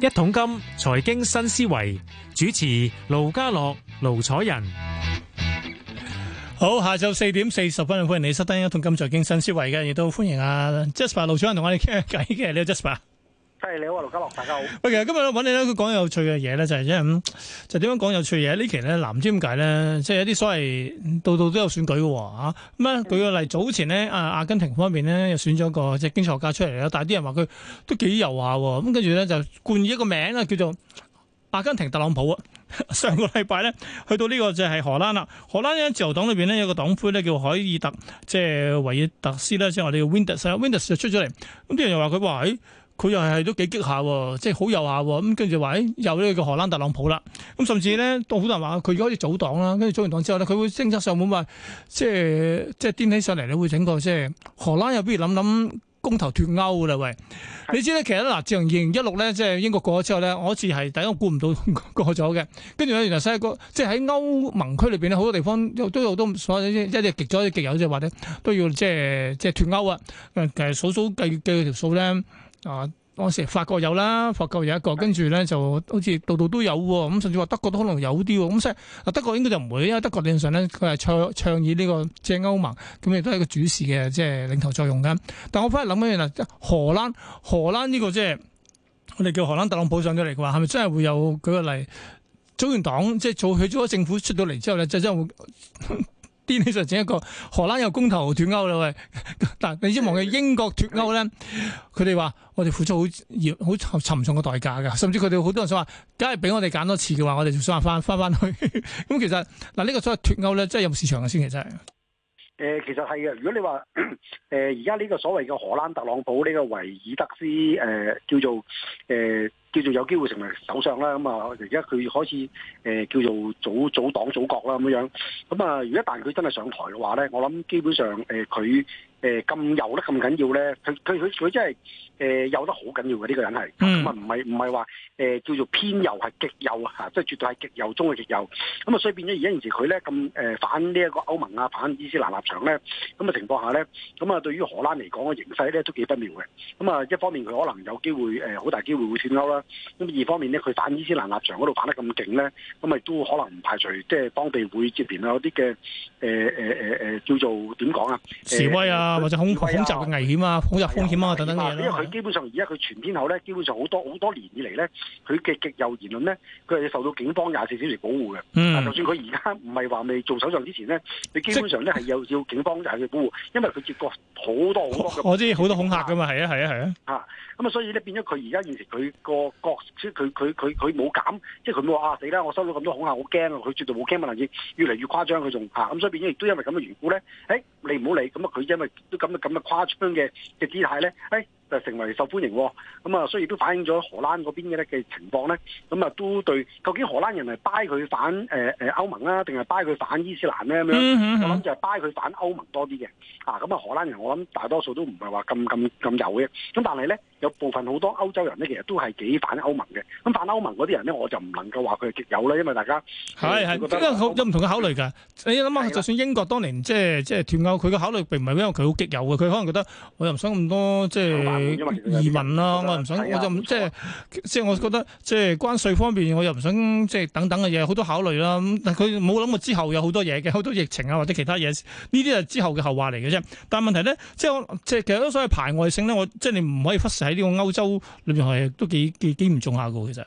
一桶金財經新思維主持盧家樂、盧楚仁，好，下晝四點四十分歡迎你收聽一桶金財經新思維嘅，亦都歡迎阿 Jasper 盧楚仁同我哋傾下偈嘅，你好 Jasper。係你好啊，盧家樂，大家好。喂、okay，其實今日我揾你咧，佢講有趣嘅嘢咧，就係即係就點、是、樣講有趣嘢呢期咧？唔知點解咧？即、就、係、是、有啲所謂度度都有選舉嘅喎咁咧。舉、啊、個例，早前咧啊，阿根廷方面咧又選咗個即係經濟學家出嚟啦，但係啲人話佢都幾油下咁，跟住咧就冠以一個名咧叫做阿根廷特朗普啊。上個禮拜咧去到呢個就係荷蘭啦，荷蘭咧自由黨裏邊咧有個黨魁咧叫海爾特，即係維爾特斯啦。即係我哋叫 Wilders，Wilders 就出咗嚟咁，啲人又話佢話喺。哎佢又係都幾激下，即係好右下咁，跟住話，誒，有呢個荷蘭特朗普啦，咁甚至咧都好多人話佢開始組黨啦。跟住組完黨之後咧，佢會升級上岸，即係即係顛起上嚟你會整個即係荷蘭又不如諗諗公投脫歐啦，喂！你知咧，其實嗱，自從二零一六咧，即係英國過咗之後咧，我好似係第一個估唔到哈哈過咗嘅，跟住原來西歐即係喺歐盟區裏邊好多地方都有都所一隻極左一極右，即係話咧都要即係即係脫歐啊！其實數數計計條數咧，啊～當時法國有啦，法國有一個，跟住咧就好似度度都有咁，甚至話德國都可能有啲咁，即係啊德國應該就唔會啊，因為德國正常咧佢係倡倡議呢個即係歐盟，咁亦都係一個主事嘅即係領頭作用嘅。但我翻去諗起嗱荷蘭荷蘭呢、呢個即係我哋叫荷蘭特朗普上咗嚟嘅話，係咪真係會有？舉個例，組完黨即係組起咗政府出到嚟之後咧，就真係會。 啲呢就整一個荷蘭有公投脫歐啦喂，但你先忘記英國脫歐咧，佢哋話我哋付出好嚴好沉重嘅代價噶，甚至佢哋好多人想話，梗係俾我哋揀多次嘅話，我哋就想話翻翻翻去。咁其實嗱呢個所謂脫歐咧，真係有，有市場嘅先，其實係。誒，其實係嘅。如果你話誒而家呢個所謂嘅荷蘭特朗普呢個維爾德斯誒、呃、叫做誒。呃叫做有機會成為首相啦，咁啊，而家佢開始誒叫做組組黨組閣啦咁樣，咁啊，如果但係佢真係上台嘅話咧，我諗基本上誒佢。誒咁右得咁緊要咧，佢佢佢佢真係誒右得好緊要嘅呢個人係，咁啊唔係唔係話誒叫做偏右係極右啊嚇，即係絕對係極右中嘅極右，咁啊所以變咗而家陣時佢咧咁誒反呢一個歐盟啊反伊斯蘭立場咧，咁啊情況下咧，咁啊對於荷蘭嚟講嘅形勢咧都幾不妙嘅，咁啊一方面佢可能有機會誒好大機會會脫歐啦，咁二方面咧佢反伊斯蘭立場嗰度反得咁勁咧，咁啊都可能唔排除即係當地會接連有啲嘅誒誒誒誒叫做點講啊示威啊！或者恐恐襲嘅危險啊，有恐襲風險啊有等等，因為佢基本上而家佢全天候咧，基本上好多好多年以嚟咧，佢嘅極右言論咧，佢係受到警方廿四小時保護嘅。嗯、就算佢而家唔係話未做手上之前咧，你基本上咧係即又要警方就係去保護，因為佢接過好多好多，很多我。我知好多恐嚇噶嘛，係啊，係啊，係啊。吓，咁啊，所以咧變咗佢而家現時佢個角即係佢佢佢佢冇減，即係佢話啊死啦！我收到咁多恐嚇，好驚啊！佢絕對冇驚，咪嗱住越嚟越誇張，佢仲吓咁，所以變咗亦都因為咁嘅緣故咧，誒、欸，你唔好理，咁啊，佢因為。都咁咁嘅誇張嘅嘅姿態咧，誒、哎、就成為受歡迎，咁、嗯、啊，所以都反映咗荷蘭嗰邊嘅咧嘅情況咧，咁、嗯、啊都對，究竟荷蘭人係掰佢反誒誒歐盟啦，定係掰佢反伊斯蘭咧咁樣？我諗就係掰佢反歐盟多啲嘅，咁啊、嗯嗯嗯、啊荷蘭人我諗大多數都唔係話咁咁咁有嘅，咁但係咧。有部分好多歐洲人咧，其實都係幾反歐盟嘅。咁反歐盟嗰啲人咧，我就唔能夠話佢係極右啦，因為大家係係的，有唔同嘅考慮㗎。你諗下，的就算英國當年即係即係脫歐，佢嘅考慮並唔係因為佢好極右嘅，佢可能覺得我又唔想咁多即係移民啊，我又唔想，我就，我就、啊、即係即係我覺得即係關稅方面，我又唔想即係等等嘅嘢，好多考慮啦。但佢冇諗過，之後有好多嘢嘅，好多疫情啊或者其他嘢，呢啲係之後嘅後話嚟嘅啫。但係問題咧，即係即係其實都所謂排外性咧，我即係你唔可以忽視。喺呢個歐洲裏邊係都幾幾幾嚴重下噶。其實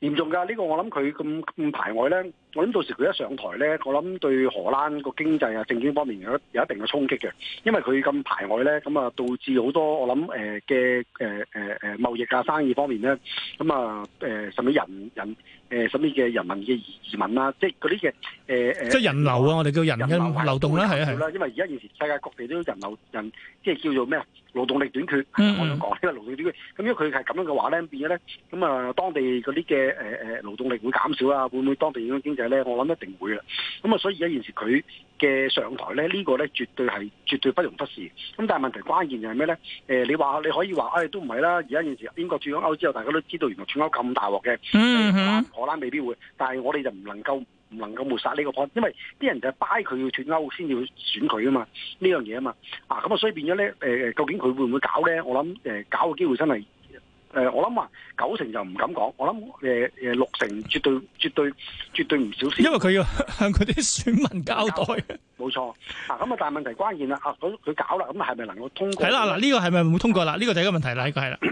嚴重噶、這個、呢個，我諗佢咁咁排外咧。我諗到時佢一上台咧，我諗對荷蘭個經濟啊、政經方面有有一定嘅衝擊嘅，因為佢咁排外咧，咁啊導致好多我諗誒嘅誒誒誒貿易啊、生意方面咧，咁啊誒甚至人人誒甚至嘅人民嘅移民啦，即係嗰啲嘅誒誒。呃、即係人流啊，我哋叫人嘅流動啦、啊，係係流。因為而家現時世界各地都人流人，即係叫做咩啊？勞動力短缺，嗯嗯我想講呢個勞動力短缺。咁如果佢係咁樣嘅話咧，變咗咧，咁啊當地嗰啲嘅誒誒勞動力會減少啊，會唔會當地嗰個經濟？.我諗一定會啦。咁啊，所以而家件事現時佢嘅上台咧，這個、呢個咧絕對係絕對不容忽視。咁但係問題關鍵就係咩咧？誒、呃，你話你可以話，誒、哎、都唔係啦。而家現時，英國脫咗歐之後，大家都知道原來脫歐咁大鑊嘅。荷蘭、mm hmm. 未必會，但係我哋就唔能夠唔能夠抹殺呢個 point，因為啲人就係 buy 佢要脫歐先至選佢啊嘛，呢樣嘢啊嘛。啊，咁、嗯、啊，所以變咗咧，誒、呃，究竟佢會唔會搞咧？我諗，誒、呃，搞嘅機會真係。誒，我諗話九成就唔敢講，我諗誒誒六成絕對絕對絕對唔少事，因為佢要向佢啲選民交代。冇錯啊，咁啊，但係問題關鍵啦，啊，佢佢搞啦，咁係咪能夠通過？睇啦了，嗱為，呢個係咪會通過啦？呢個第一個問題啦，呢個係啦。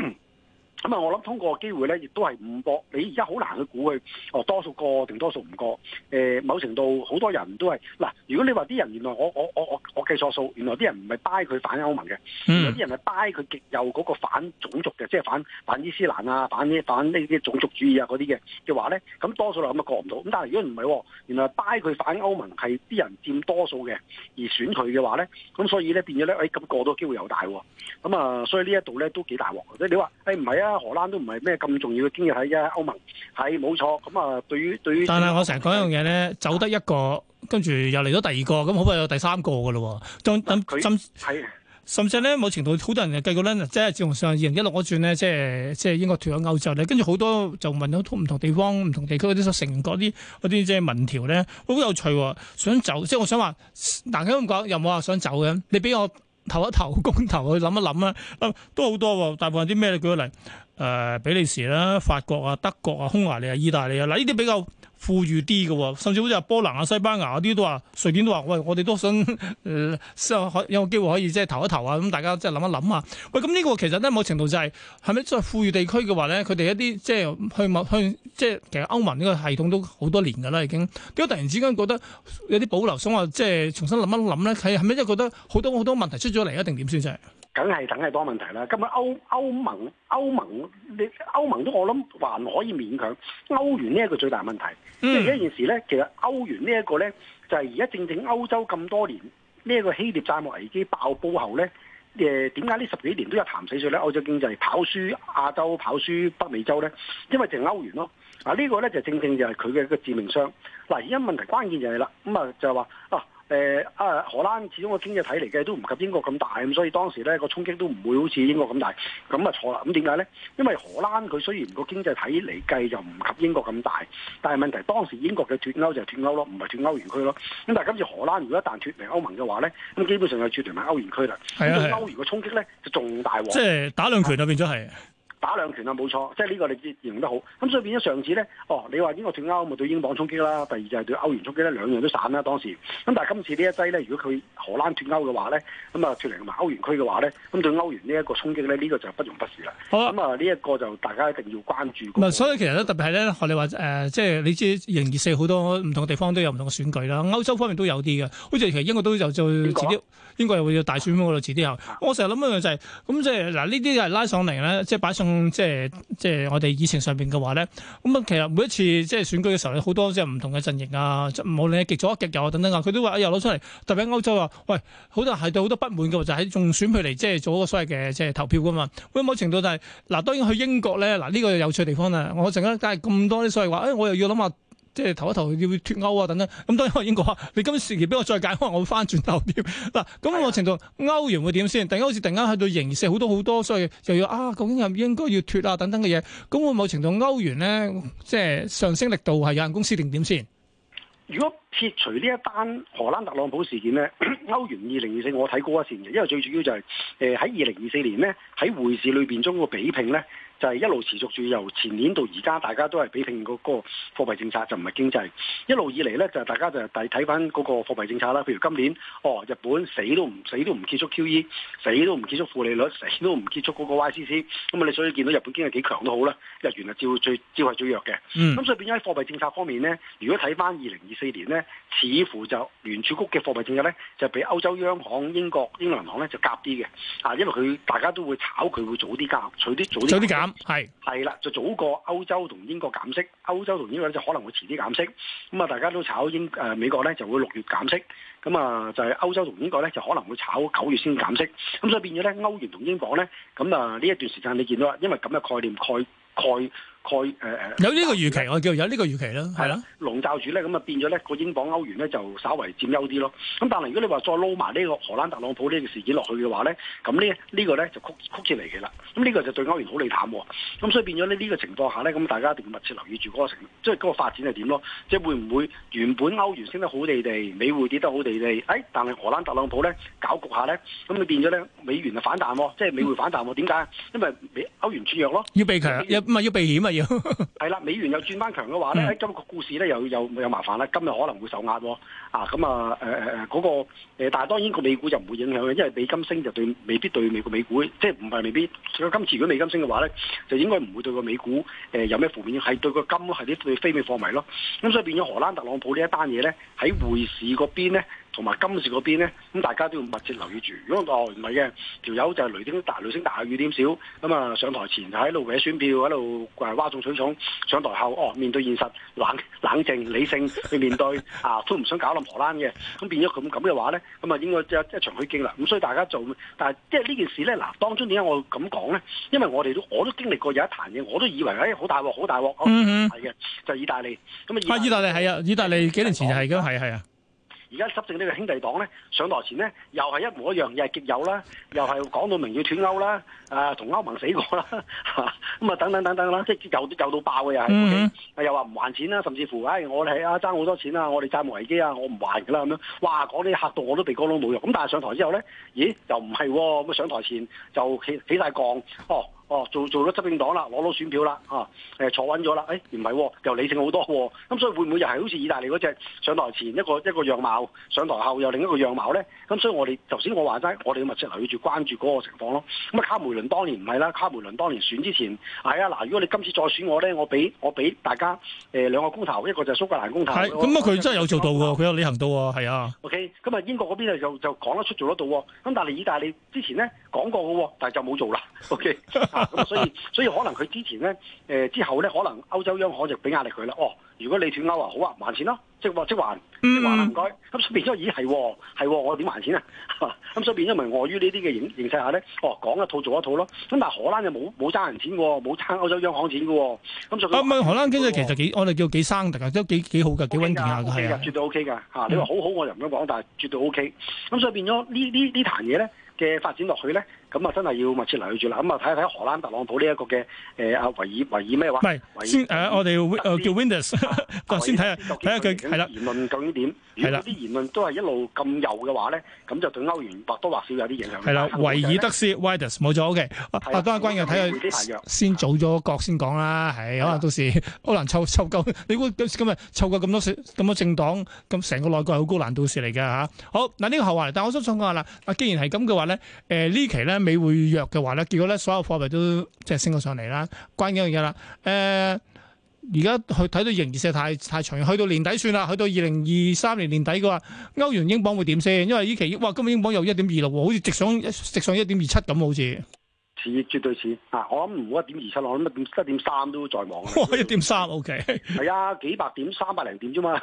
咁啊！我諗通過機會咧，亦都係唔博。你而家好難去估佢哦，多數過定多數唔過。誒、呃，某程度好多人都係嗱，如果你話啲人原來我我我我我計錯數，原來啲人唔係 buy 佢反歐盟嘅，有啲人係 buy 佢極右嗰個反種族嘅，即係反反伊斯蘭啊，反反呢啲種族主義啊嗰啲嘅嘅話咧，咁多數就咁就過唔到。咁但係如果唔係，原來 buy 佢反歐盟係啲人佔多數嘅而選佢嘅話咧，咁所以咧變咗咧，誒、哎、咁過到機會又大喎、啊。咁啊，所以呢一度咧都幾大鑊。即係你話，誒唔係啊？荷蘭都唔係咩咁重要嘅經濟喺啫，歐盟係冇錯。咁、嗯、啊，對於對於，但係我成日講一樣嘢咧，是走得一個，啊、跟住又嚟到第二個，咁好快有第三個噶咯。咁甚至咧，某程度好多人計過咧，即係自從上二零一六嗰轉咧，即係即係英國脫咗歐之後咧，跟住好多就問到唔同地方、唔同地區嗰啲成個啲嗰啲即係民調咧，好有趣、哦。想走，即係我想話，大家咁講又冇話想走嘅，你俾我。投一投公投去諗一諗啦、啊，都好多喎。大部分啲咩舉例，誒、呃、比利時啦、法國啊、德國啊、匈牙利啊、意大利啊，嗱呢啲比較富裕啲嘅喎，甚至好似波蘭啊、西班牙啊啲都話，瑞典都話，喂，我哋都想、呃、有個機會可以即係投一投啊！咁大家即係諗一諗啊！喂，咁呢個其實咧某程度就係係咪即係富裕地區嘅話咧，佢哋一啲即係去某去即係其實歐盟呢個系統都好多年㗎啦，已經點解突然之間覺得有啲保留想話即係重新諗一諗咧？係係咪即係覺得好多好多問題出咗嚟一定點先啫？梗係梗係多問題啦，咁啊歐歐盟歐盟你歐盟都我諗還可以勉強歐元呢一個最大問題，即係一件事咧，其實歐元這個呢一個咧就係而家正正歐洲咁多年呢一、這個希臘債務危機爆煲後咧，誒點解呢十幾年都有潭死水咧？歐洲經濟跑輸亞洲，跑輸北美洲咧，因為淨係歐元咯。嗱、啊這個、呢個咧就是、正正就係佢嘅一個致命傷。嗱而家問題關鍵就係、是、啦，咁啊就係話啊。誒啊、呃！荷蘭始終個經濟睇嚟經濟體嚟嘅都唔及英國咁大，咁所以當時咧個衝擊都唔會好似英國咁大，咁啊錯啦！咁點解咧？因為荷蘭佢雖然個經濟睇嚟經濟體嚟計就唔及英國咁大，但係問題是當時英國嘅脫歐就係脫歐咯，唔係脫歐元區咯。咁但係今次荷蘭如果一旦脫離歐盟嘅話咧，咁基本上就脫離埋歐元區啦。咁、啊啊、歐元嘅衝擊咧就仲大。即係打兩拳就變咗係。打兩拳啊，冇錯，即係呢個你形容得好。咁所以變咗上次咧，哦，你話英國脱歐咪對英鎊衝擊啦，第二就係對歐元衝擊啦，兩樣都散啦當時。咁但係今次呢一劑咧，如果佢荷蘭脱歐嘅話咧，咁啊脱離埋歐元區嘅話咧，咁對歐元呢一個衝擊咧，呢、這個就不容忽視啦。咁啊呢一個就大家一定要關注、那個。所以其實咧特別係咧學你話誒，即、呃、係、就是、你知二零二四好多唔同嘅地方都有唔同嘅選舉啦，歐洲方面都有啲嘅。好似其實英國都有就，就遲啲，英國又、啊、要大選嗰度遲啲後。啊、我成日諗一樣就係、是、咁，即係嗱呢啲係拉上嚟咧，即、就、係、是、擺上。即係即係我哋以前上面嘅話咧，咁啊其實每一次即係選舉嘅時候咧，好多即係唔同嘅陣營啊，無論極左極右等等啊，佢都話、哎、又攞出嚟，特別喺歐洲啊，喂，好多係對好多不滿嘅，就係仲選佢嚟即係做嗰個所謂嘅即係投票噶嘛，咁某程度就係、是、嗱，當然去英國咧，嗱、這、呢個有趣地方啊，我成日都咁多啲所謂話，誒、哎、我又要諗下。即係頭一頭要脫歐啊等等，咁當然可能英國你今時期俾我再解，可能我會翻轉頭啲。嗱，咁某程度是、啊、歐元會點先？突然間好似突然間喺度形勢好多好多，所以又要啊，究竟係咪應該要脫啊等等嘅嘢？咁會某程度歐元咧，即係上升力度係有限公司定點先？如果撇除呢一單荷蘭特朗普事件咧，歐元二零二四我睇高一線，嘅，因為最主要就係喺二零二四年咧喺匯市裏面中個比拼咧。就係一路持續住由前年到而家，大家都係比拼嗰個貨幣政策，就唔係經濟。一路以嚟咧，就大家就係睇翻嗰個貨幣政策啦。譬如今年，哦，日本死都唔死都唔結束 QE，死都唔結束負利率，死都唔結束嗰個 YCC。咁啊，你所以見到日本經濟幾強都好啦，日元係照最照係最弱嘅。咁、嗯、所以變咗喺貨幣政策方面咧，如果睇翻二零二四年咧，似乎就聯儲局嘅貨幣政策咧就比歐洲央行、英國英國銀行咧就夾啲嘅。啊，因為佢大家都會炒佢會早啲降，早啲早啲。早係，係啦，就早過歐洲同英國減息，歐洲同英國就可能會遲啲減息。咁啊，大家都炒英誒美國咧就會六月減息，咁啊就係歐洲同英國咧就可能會炒九月先減息。咁所以變咗咧，歐元同英鎊咧，咁啊呢一段時間你見到啦，因為咁嘅概念概概。概概呃、有呢個預期吧我叫有呢個預期啦，係啦，籠罩住咧，咁啊變咗咧個英鎊歐元咧就稍為佔優啲咯。咁但係如果你話再撈埋呢個荷蘭特朗普呢件事件落去嘅話咧，咁呢呢個咧就曲曲折嚟嘅啦。咁呢個就對歐元好利淡喎。咁所以變咗咧呢個情況下咧，咁大家一定要密切留意住嗰、那個情，即係嗰個發展係點咯。即、就、係、是、會唔會原本歐元升得好地地，美匯跌得好地地，誒、哎，但係荷蘭特朗普咧搞局下咧，咁你變咗咧美元啊反彈，即係美匯反彈喎？點解、嗯？因為歐元轉弱咯，要避強，唔係要，要避險啊？係 啦，美元又轉翻強嘅話咧，今個、嗯、故事咧又，又麻煩啦。今日可能會受壓喎，啊咁啊嗰個、啊啊啊啊啊啊啊、但係當然個美股就唔會影響嘅，因為美金升就對未必對美國美股，即係唔係未必。所以今次如果美金升嘅話咧，就應該唔會對個美股、呃、有咩負面，係對個金係啲對非美貨幣咯。咁、啊、所以變咗荷蘭特朗普一呢一單嘢咧，喺匯市嗰邊咧。同埋今時嗰邊咧，咁大家都要密切留意住。如果哦唔係嘅，條友、這個、就係雷聲大，雷聲大雨點少。咁、嗯、啊上台前就喺度搲選票，喺度誒嘩眾取寵。上台後，哦面對現實，冷冷靜理性去面對 啊，都唔想搞冧荷蘭嘅。咁、嗯、變咗咁咁嘅話咧，咁、嗯、啊應該即係即係一場虛驚啦。咁所以大家做，但係即係呢件事咧嗱、啊，當中點解我咁講咧？因為我哋都我都經歷過有一壇嘢，我都以為誒好大鑊，好大鑊，嗯係、嗯、嘅，就係、是、意大利。咁啊，意大利係啊，意大利幾年前就係嘅，係係啊。而家執政呢個兄弟黨咧上台前咧又係一模一樣，又係極右啦，又係講到明要脫歐啦，啊同歐盟死過啦，咁啊等等等等啦，即係又又，又到爆嘅、mm hmm. OK, 又係，又話唔還錢啦，甚至乎唉、哎、我哋喺啊爭好多錢啊，我哋債務危機啊，我唔還嘅啦咁樣，哇講啲嚇到我都鼻哥窿冇肉，咁但係上台之後咧，咦又唔係喎，咁、哦、上台前就起起曬降哦。哦，做做咗執政黨啦，攞到選票啦，嚇、啊，誒、呃、坐穩咗啦，誒唔係，又理性好多、哦，咁、啊、所以會唔會又係好似意大利嗰隻上台前一個一個樣貌，上台後又另一個樣貌咧？咁、啊、所以我哋頭先我話齋，我哋嘅密切留意住關注嗰個情況咯。咁啊，卡梅倫當年唔係啦，卡梅倫當年選之前係啊嗱、啊，如果你今次再選我咧，我俾我俾大家誒、呃、兩個公投，一個就係蘇格蘭公投，咁啊，佢真係有做到喎，佢、啊、有履行到喎，係啊。OK，咁啊英國嗰邊就就講得出做得到、哦，咁、啊、但係意大利之前咧講過嘅、哦，但係就冇做啦。OK。 咁、 啊、所以所以可能佢之前咧，誒、呃、之後咧，可能歐洲央行就俾壓力佢啦。哦，如果你脫歐啊，好啊，還錢咯，即係即係還，唔該。咁、嗯、所以變咗，咦係，係、哦哦、我點還錢啊？咁、 啊、所以變咗，咪礙於呢啲嘅形勢下咧，哦講一套做一套咯。咁但係荷蘭就冇冇爭人錢，冇爭歐洲央行錢嘅。咁、嗯、所以、啊、荷蘭經濟其實幾，我哋叫幾生得噶，都幾幾好噶，幾穩定下嘅係啊。絕對 OK 噶，嚇、嗯啊、你話好好，我就唔想講，但係絕對 OK。咁所以變咗呢呢呢壇嘢咧嘅發展落去咧。咁啊，真係要密切留意住啦。咁啊，睇一睇荷蘭特朗普呢一個嘅誒阿維爾維爾咩話？唔係，先誒我哋叫 Wilders，先睇下睇下佢係啦言論究竟點？係啦，啲言論都係一路咁右嘅話咧，咁就對歐元或多或少有啲影響。係啦，維爾德斯 （Wilders） 冇咗，OK。啊，都係關鍵，睇下先早咗國先講啦。係，可能到時好難湊湊夠，你估今日湊夠咁多政咁多政黨咁成個內閣係好高難度事嚟嘅嚇。好，嗱呢個後話嚟，但係我想講話啦，啊既然係咁嘅話咧，誒呢期咧。美匯弱嘅話咧，結果咧所有貨幣都即係升咗上嚟啦。關鍵一樣嘢啦，誒而家去睇到仍然寫太太長，去到年底算啦，去到二零二三年年底嘅話歐元、英鎊會點先？因為呢期哇，今日英鎊又一點二六，好似直上直上一點二七咁好似。絕對似啊！我諗唔會一點二七，我諗一點七點三都在望。哇！一點三 OK，係啊，幾百點，三百零點啫嘛。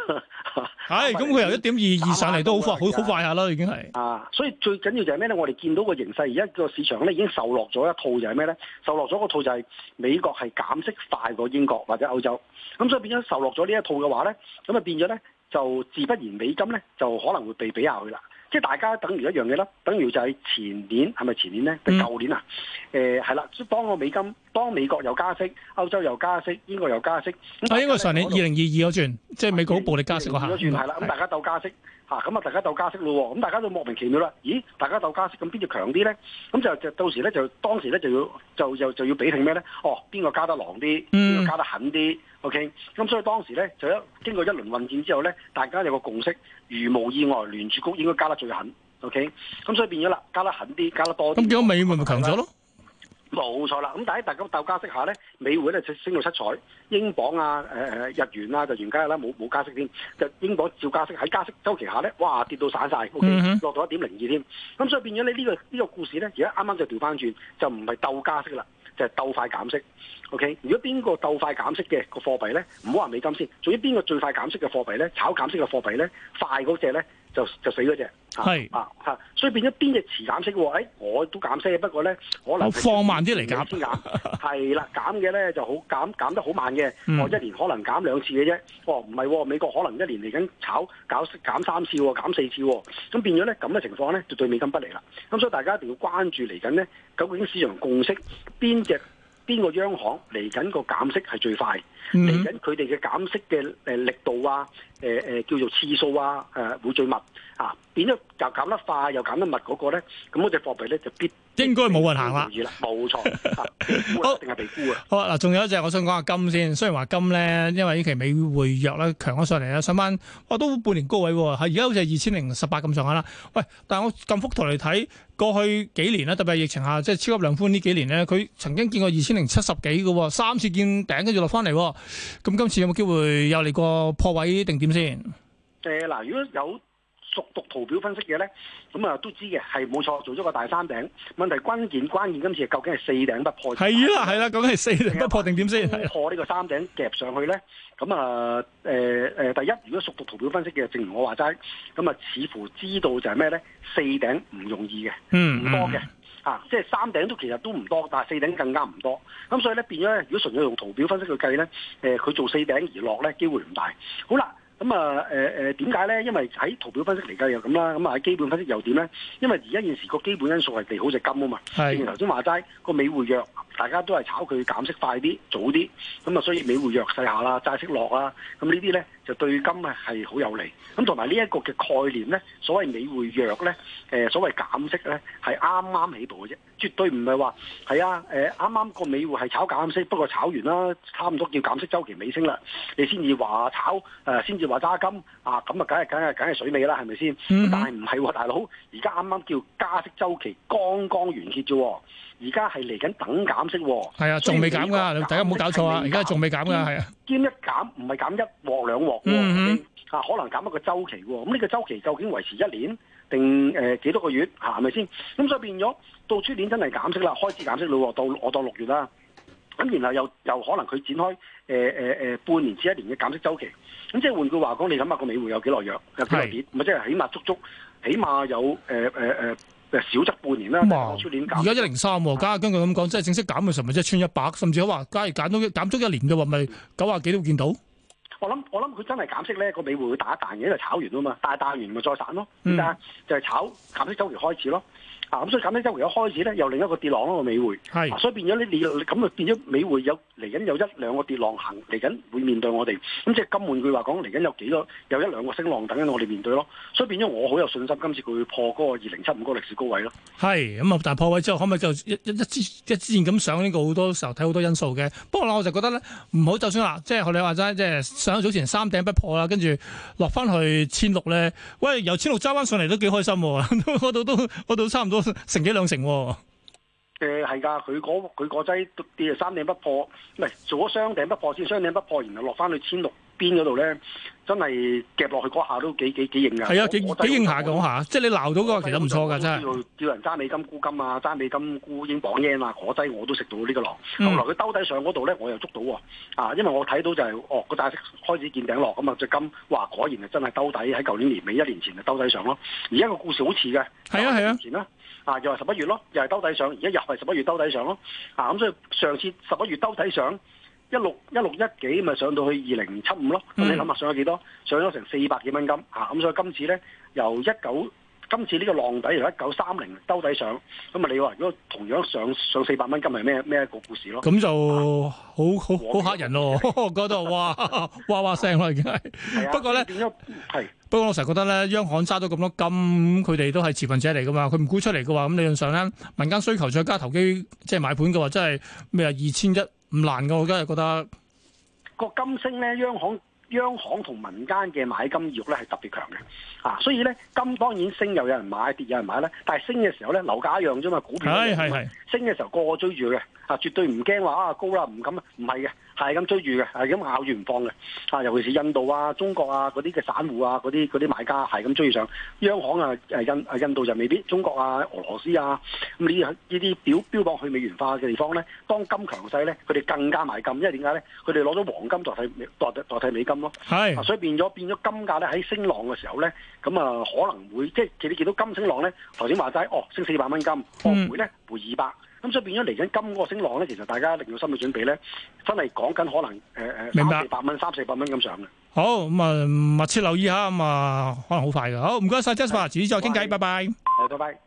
嚇，咁佢由一點二二上嚟都好快，好好、啊、快下、啊、啦，已經係。啊，所以最緊要就係咩咧？我哋見到個形勢，而家個市場咧已經受落咗一套，就係咩咧，就係咩咧？受落咗個套就係美國係減息快過英國或者歐洲。咁所以變咗受落咗呢一套嘅話咧，咁啊變咗咧就自不然美金咧就可能會被比下去啦。即係大家等於一樣嘢啦，等於就係前年係咪前年咧？定舊年啊？誒係啦，當個美金，當美國又加息，歐洲又加息，英國又加息。啊！應該上年二零二二嗰轉，即係美國好暴力加息嚇。轉係啦，咁大家鬥加息嚇，咁啊大家鬥加息咯喎，咁大家都莫名其妙啦。咦？大家鬥加息，咁邊度強啲咧？咁就就，就到時咧，就當時咧就要就又就要比拼咩咧？哦，邊個加得狼啲？邊個加得狠啲？嗯 O K. 咁所以當時咧就一經過一輪混戰之後咧，大家有個共識，如無意外，聯儲局應該加得最狠。O K. 咁所以變咗啦，加得狠啲，加得多啲。咁變咗美匯咪強咗咯？冇錯啦。咁但係大家鬥加息下咧，美匯咧就升到七彩，英鎊啊，呃、日元啊就原家啦，冇冇加息添，就英鎊照加息。喺加息周期下咧，哇跌到散晒 OK，落到一點零二添。咁、嗯嗯、所以變咗你呢個呢、呢個故事咧，而家啱啱就調翻轉，就唔係鬥加息啦。就係鬥快減息，OK？如果邊個鬥快減息嘅個貨幣咧，唔好話美金先，仲要邊個最快減息嘅貨幣咧？炒減息嘅貨幣咧，快嗰隻咧？就就死嗰隻係啊，所以變咗邊隻遲減息喎、欸？我都減息，不過咧，可能放慢啲嚟減先係減啦， 減嘅咧就好減減得好慢嘅，我、嗯、一年可能減兩次嘅啫。哦，唔係，美國可能一年嚟緊炒搞減，減三次喎、哦，減四次喎、哦，咁變咗咧咁嘅情況咧，就對美金不利啦。咁所以大家一定要關注嚟緊咧，究竟市場共識邊隻？邊個央行嚟緊個減息係最快，嚟緊佢哋嘅減息嘅誒力度啊，誒、呃、誒，叫做次數啊，誒、呃、會最密啊，變咗就減得快又減得密嗰個咧，咁嗰隻貨幣咧就必。應該冇人行啦，冇錯。一定係被沽嘅。好啊，嗱，仲有一隻我想講下金先。雖然話金咧，因為呢期美匯弱咧，強咗上嚟啦，上翻，我都半年高位喎，係而家好似係二千零十八咁上下啦。喂，但係我咁幅圖嚟睇，過去幾年咧，特別係疫情下，即係超級量寬呢幾年咧，佢曾經見過二千零七十幾嘅，三次見頂跟住落翻嚟。咁今次有冇機會又嚟過破位定點先？誒，嗱、呃，如果有。熟讀圖表分析嘅咧，咁啊都知嘅，係冇錯做咗個大三頂。問題，關鍵關鍵今次究竟係四頂不破頂？係啦係啦，究竟四頂不破定點先破呢個三頂夾上去咧？咁、嗯、啊、呃呃、第一，如果熟讀圖表分析嘅，正如我話齋，咁啊似乎知道就係咩咧？四頂唔容易嘅，唔多嘅、嗯嗯、啊，即係三頂都其實都唔多，但係四頂更加唔多。咁所以咧變咗咧，如果純粹用圖表分析去計咧，誒、呃、佢做四頂而落咧機會唔大。好啦。咁啊，誒點解咧？因為喺圖表分析嚟計又咁啦，咁啊喺基本分析又點咧？因為而家現時個基本因素係利好隻金啊嘛，的正如頭先話齋，個美匯弱，大家都係炒佢減息快啲、早啲，咁啊所以美匯弱勢下啦，債息落啦，咁呢啲咧就對金啊係好有利。咁同埋呢一個嘅概念咧，所謂美匯弱咧、呃，所謂減息咧，係啱啱起步嘅啫。絕對唔係話係啊！誒啱啱個美匯係炒減息，不過炒完啦，差唔多叫減息週期尾聲啦，你先至話炒誒，先至話揸金啊！咁、嗯、哼啊，梗係梗係梗係水尾啦，係咪先？但係唔係喎，大佬，而家啱啱叫加息週期剛剛完結啫、啊。而家係嚟緊等減息喎，係啊，仲未減噶，減沒減的大家唔好搞錯啊！而家仲未減噶，係、嗯、啊。兼一減唔係減一鑊兩鑊，啊，嗯、哼可能減一個周期喎。咁呢個周期究竟維持一年定誒、呃、幾多個月嚇？係咪先？咁所以變咗到出年真係減息啦，開始減息了喎。到我當六月啦，咁然後又又可能佢展開誒誒誒半年至一年嘅減息周期。咁即係換句話講，你諗下個尾會有幾耐樣，有幾耐跌？咁是即係起碼足足，起碼有誒誒誒。呃呃少則半年啦，而家一零三，加家、啊啊、根據咁講，啊、即係正式減嘅時候咪即係穿一百，甚至好話，假如減多減足一年嘅話，咪九廿幾都會見到。我諗我諗佢真係減息咧，個尾會會打彈嘅，因為炒完啊嘛，但係彈完咪再散咯，嗯、就係、是、炒減息週期開始咯。咁、啊、所以簡單一回一開始咧，又另一個跌浪咯，個美匯是、啊，所以變咗咧，你咁啊變咗美匯。有嚟緊有一兩個跌浪行，嚟緊會面對我哋，咁即係金換句話講，嚟緊有幾多，有一兩個升浪等緊我哋面對咯，所以變咗我好有信心，今次佢會破嗰個二零七五個歷史高位咯。係，咁、嗯、啊，但破位之後可唔可以就一一支一支箭咁上呢個？好多時候睇好多因素嘅。不過呢我就覺得咧，唔好就算啦，即係學你話齋，即、就、係、是、上咗早前三頂不破啦，跟住落翻去千六咧，喂，由千六揸翻上嚟都幾開心喎， 我都我都差唔多。 成幾兩成、哦呃？誒，係噶、嗰個，佢嗰佢嗰隻跌啊，三頂不破，唔係做咗雙頂不破先，雙頂不破，然後落翻去千六邊嗰度咧，真係夾落去嗰下都幾幾幾型噶。係啊，幾幾型下噶，即係你撈到嗰個，其實唔錯噶，真係。叫人揸美金沽金啊，揸美金沽英鎊英啊，嗰隻我都食到呢個浪。嗯、後來佢兜底上嗰度咧，我又捉到啊，因為我睇到就係、是、哦，個債息開始見頂落，咁啊隻金哇，果然係真係兜底喺舊年年尾一年前就兜底上咯。而家個故事好似嘅，係啊係啊，前啦。的啊！又係十一月咯，又係兜底上，而家又係十一月兜底上咯。啊！咁所以上次十一月兜底上一六一六一幾，咪上到去二零七五咯。咁、嗯、你諗下上咗幾多？上咗成四百幾蚊金。啊！咁所以今次咧由一九。今次呢個浪底如果一九三零兜底上，咁啊你話如果同樣上上四百蚊今日係咩咩一個故事咯？咁就好好好嚇人咯，嗰度哇哇哇聲咯已經係。不過咧，係不過我成日覺得咧，央行揸咗咁多金，佢哋都係持份者嚟噶嘛，佢唔沽出嚟嘅話，咁理論上咧，民間需求再加投機即係買盤嘅話，真係咩啊二千一唔難嘅，我梗係覺得個金升咧，央行。央行同民間嘅買金熱咧係特別強嘅，啊，所以咧，金當然升又有人買，跌有人買咧，但係升嘅時候咧，樓價一樣啫嘛，股票一樣，係係升嘅時候個個追住嘅，啊，絕對唔驚話啊高啦，唔敢啊，唔係嘅。係咁追住嘅，係咁咬住唔放嘅，啊，尤其是印度啊、中國啊嗰啲嘅散戶啊、嗰啲嗰啲買家，係咁追上央行啊，誒，印印度就未必，中國啊，俄羅斯啊，咁呢啲呢啲表標榜去美元化嘅地方咧，當金強勢咧，佢哋更加買金，因為點解咧？佢哋攞咗黃金代替代代替美金咯，係，所以變咗變咗金價咧喺升浪嘅時候咧，咁啊可能會即係你見到金升浪咧，頭先話齋，哦，升四百蚊金，當回咧回二百。咁所以變咗嚟緊今嗰個升浪咧，其實大家一定要心理準備咧，真係講緊可能誒誒三四百蚊、三四百蚊咁上嘅。好，咁啊，密切留意下咁啊，可能好快嘅。好，唔該曬，Jasper，遲啲再傾偈，拜拜。好，拜拜。